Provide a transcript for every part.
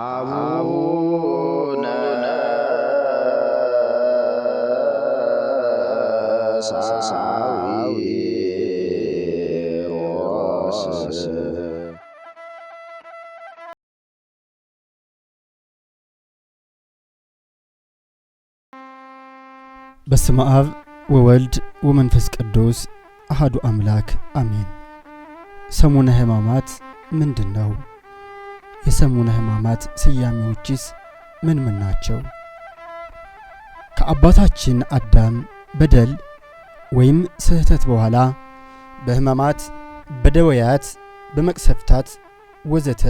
አቡነ ሳዊሮስ በስመ አብ ወወልድ ወመንፈስ ቅዱስ አህዱ አምላክ አሜን። ሰሙነ ሕማማት ምንድን ነው? የሰሙነ ሕማማት ስያሜዎችስ ምን ምን ናቸው? ከአባታችን አዳም በደል ወይም ስህተት በኋላ በሕማማት፣ በደወያት፣ በመቅሰፍታት ወዘተ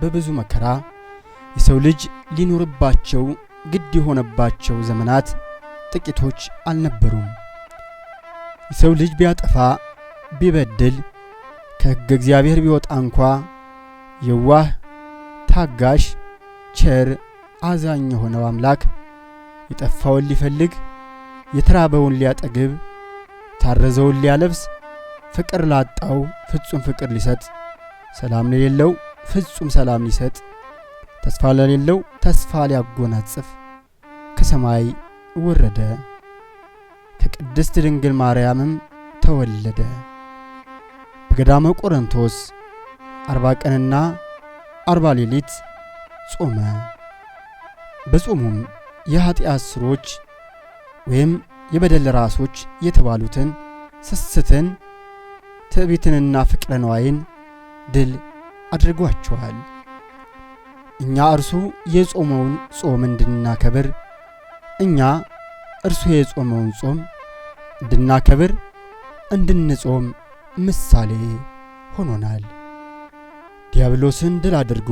በብዙ መከራ የሰው ልጅ ሊኖርባቸው ግድ የሆነባቸው ዘመናት ጥቂቶች አልነበሩም። የሰው ልጅ ቢያጠፋ ቢበድል ከሕገ እግዚአብሔር ቢወጣ እንኳ የዋህ ታጋሽ፣ ቸር፣ አዛኝ የሆነው አምላክ የጠፋውን ሊፈልግ የተራበውን ሊያጠግብ ታረዘውን ሊያለብስ ፍቅር ላጣው ፍጹም ፍቅር ሊሰጥ ሰላም ለሌለው ፍጹም ሰላም ሊሰጥ ተስፋ ለሌለው ተስፋ ሊያጎናጽፍ ከሰማይ ወረደ ከቅድስት ድንግል ማርያምም ተወለደ በገዳመ ቆሮንቶስ አርባ ቀንና አርባ ሌሊት ጾመ። በጾሙም የኀጢአት ስሮች ወይም የበደል ራሶች የተባሉትን ስስትን፣ ትዕቢትንና ፍቅረ ነዋይን ድል አድርጓቸዋል። እኛ እርሱ የጾመውን ጾም እንድናከብር እኛ እርሱ የጾመውን ጾም እንድናከብር እንድንጾም ምሳሌ ሆኖናል። ዲያብሎስን ድል አድርጎ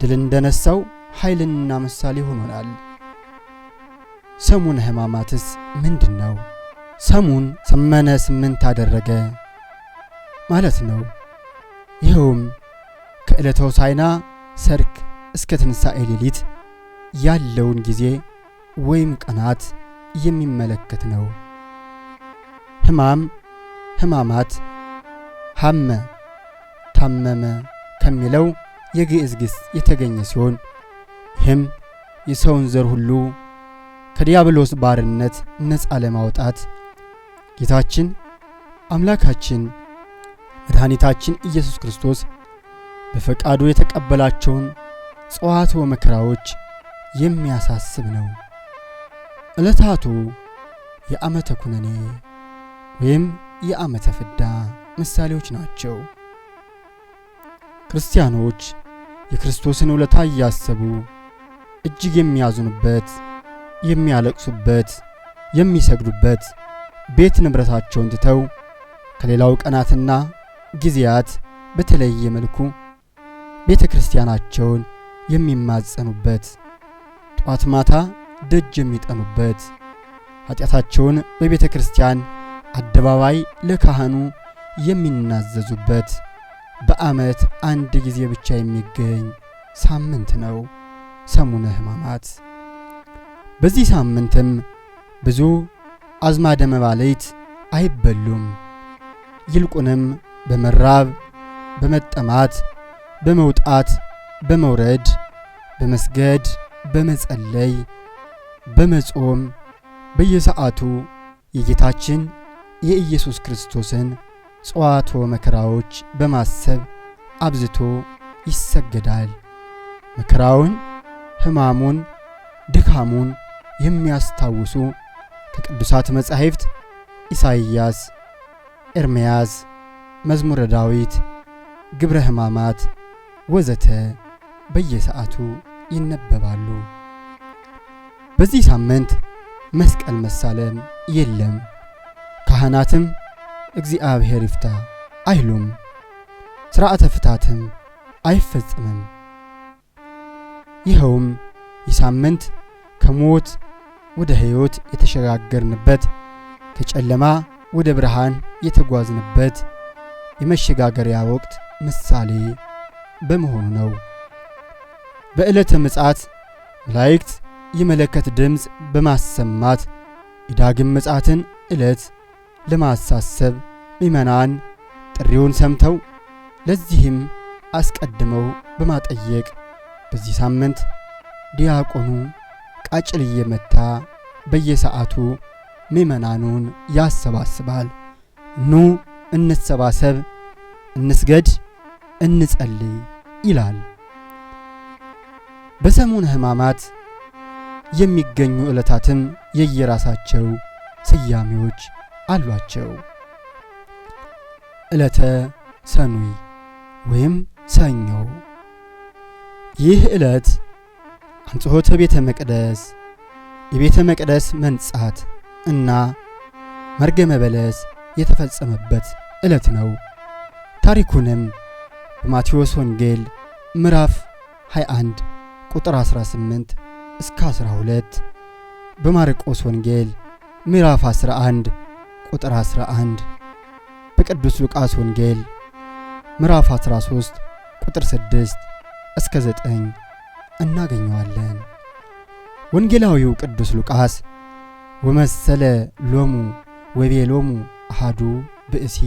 ድል እንደነሳው ኃይልና ምሳሌ ሆኖናል። ሰሙን ሕማማትስ ምንድን ነው? ሰሙን ሰመነ ስምንት አደረገ ማለት ነው። ይኸውም ከዕለተ ሆሳዕና ሰርክ እስከ ትንሣኤ ሌሊት ያለውን ጊዜ ወይም ቀናት የሚመለከት ነው። ሕማም ሕማማት ሐመ ታመመ ከሚለው የግዕዝ ግስ የተገኘ ሲሆን ይህም የሰውን ዘር ሁሉ ከዲያብሎስ ባርነት ነፃ ለማውጣት ጌታችን አምላካችን መድኃኒታችን ኢየሱስ ክርስቶስ በፈቃዱ የተቀበላቸውን ጽዋትወ መከራዎች የሚያሳስብ ነው። ዕለታቱ የዓመተ ኩነኔ ወይም የዓመተ ፍዳ ምሳሌዎች ናቸው። ክርስቲያኖች የክርስቶስን ውለታ እያሰቡ እጅግ የሚያዝኑበት፣ የሚያለቅሱበት፣ የሚሰግዱበት ቤት ንብረታቸውን ትተው ከሌላው ቀናትና ጊዜያት በተለየ መልኩ ቤተ ክርስቲያናቸውን የሚማጸኑበት፣ ጧት ማታ ደጅ የሚጠኑበት፣ ኃጢአታቸውን በቤተ ክርስቲያን አደባባይ ለካህኑ የሚናዘዙበት በዓመት አንድ ጊዜ ብቻ የሚገኝ ሳምንት ነው ሰሙነ ሕማማት። በዚህ ሳምንትም ብዙ አዝማደ መባለይት አይበሉም። ይልቁንም በመራብ በመጠማት በመውጣት በመውረድ በመስገድ በመጸለይ በመጾም በየሰዓቱ የጌታችን የኢየሱስ ክርስቶስን ጸዋቶ መከራዎች በማሰብ አብዝቶ ይሰገዳል። መከራውን፣ ሕማሙን፣ ድካሙን የሚያስታውሱ ከቅዱሳት መጻሕፍት ኢሳይያስ፣ ኤርምያስ፣ መዝሙረ ዳዊት፣ ግብረ ሕማማት ወዘተ በየሰዓቱ ይነበባሉ። በዚህ ሳምንት መስቀል መሳለም የለም። ካህናትም እግዚአብሔር ይፍታ አይሉም፣ ሥርዓተ ፍታትም አይፈጽምም። ይኸውም ይህ ሳምንት ከሞት ወደ ሕይወት የተሸጋገርንበት ከጨለማ ወደ ብርሃን የተጓዝንበት የመሸጋገሪያ ወቅት ምሳሌ በመሆኑ ነው። በዕለተ ምጽአት መላእክት የመለከት ድምፅ በማሰማት የዳግም ምጽአትን ዕለት ለማሳሰብ ምዕመናን ጥሪውን ሰምተው ለዚህም አስቀድመው በማጠየቅ በዚህ ሳምንት ዲያቆኑ ቃጭል እየመታ በየሰዓቱ ምዕመናኑን ያሰባስባል። ኑ እንሰባሰብ፣ እንስገድ፣ እንጸልይ ይላል። በሰሙነ ሕማማት የሚገኙ ዕለታትም የየራሳቸው ስያሜዎች አሏቸው። ዕለተ ሰኑይ ወይም ሰኞ። ይህ ዕለት አንጽሖተ ቤተ መቅደስ፣ የቤተ መቅደስ መንጻት እና መርገመ በለስ የተፈጸመበት ዕለት ነው። ታሪኩንም በማቴዎስ ወንጌል ምዕራፍ 21 ቁጥር 18 እስከ 12 በማርቆስ ወንጌል ምዕራፍ 11 ቁጥር 11 በቅዱስ ሉቃስ ወንጌል ምዕራፍ 13 ቁጥር 6 እስከ 9 እናገኘዋለን። ወንጌላዊው ቅዱስ ሉቃስ ወመሰለ ሎሙ ሎሙ አሃዱ ብእሲ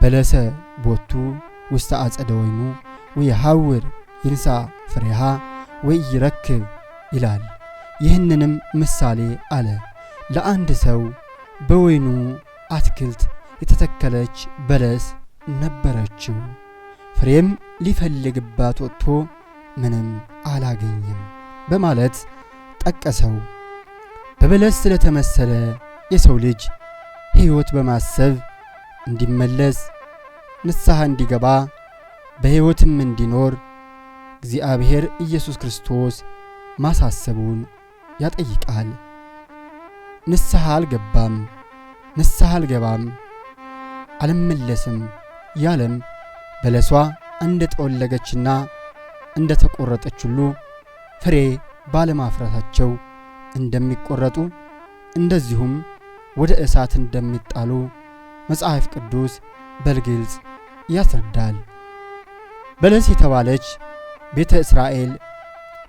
በለሰ ቦቱ ውስተ አጸደ ወይኑ ወይሐውር ይንሳ ፍሬሃ ወኢይረክብ ይላል። ይህንንም ምሳሌ አለ። ለአንድ ሰው በወይኑ አትክልት የተተከለች በለስ ነበረችው። ፍሬም ሊፈልግባት ወጥቶ ምንም አላገኘም በማለት ጠቀሰው። በበለስ ስለተመሰለ የሰው ልጅ ሕይወት በማሰብ እንዲመለስ ንስሐ እንዲገባ በሕይወትም እንዲኖር እግዚአብሔር ኢየሱስ ክርስቶስ ማሳሰቡን ያጠይቃል። ንስሐ አልገባም ንስሐ አልገባም አልመለስም ያለም በለሷ እንደ ጠወለገችና እንደ ተቆረጠች ሁሉ ፍሬ ባለማፍራታቸው እንደሚቆረጡ እንደዚሁም ወደ እሳት እንደሚጣሉ መጽሐፍ ቅዱስ በልግልጽ ያስረዳል። በለስ የተባለች ቤተ እስራኤል፣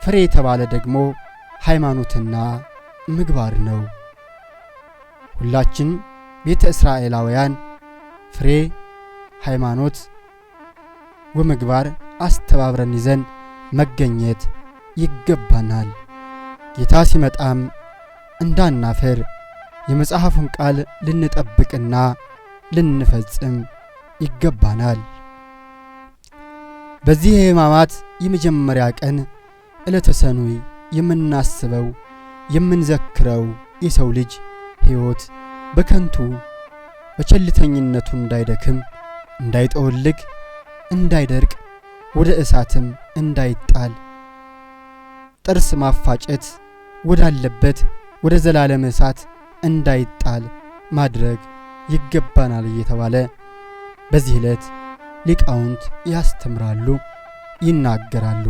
ፍሬ የተባለ ደግሞ ሃይማኖትና ምግባር ነው። ሁላችን ቤተ እስራኤላውያን ፍሬ ሃይማኖት ወምግባር አስተባብረን ይዘን መገኘት ይገባናል። ጌታ ሲመጣም እንዳናፍር የመጽሐፉን ቃል ልንጠብቅና ልንፈጽም ይገባናል። በዚህ የሕማማት የመጀመሪያ ቀን ዕለተ ሰኑይ የምናስበው የምንዘክረው የሰው ልጅ ሕይወት በከንቱ በቸልተኝነቱ እንዳይደክም፣ እንዳይጠወልግ፣ እንዳይደርቅ፣ ወደ እሳትም እንዳይጣል ጥርስ ማፋጨት ወዳለበት ወደ ዘላለም እሳት እንዳይጣል ማድረግ ይገባናል እየተባለ በዚህ ዕለት ሊቃውንት ያስተምራሉ፣ ይናገራሉ።